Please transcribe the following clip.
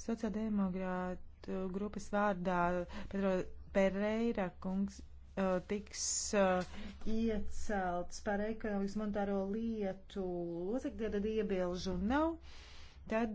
Sociāldemokrātu grupas vārdā Pedro Pereira kungs uh, tiks uh, iecelts par ekonomikas monetāro lietu locekli, tad iebilžu nav. Tad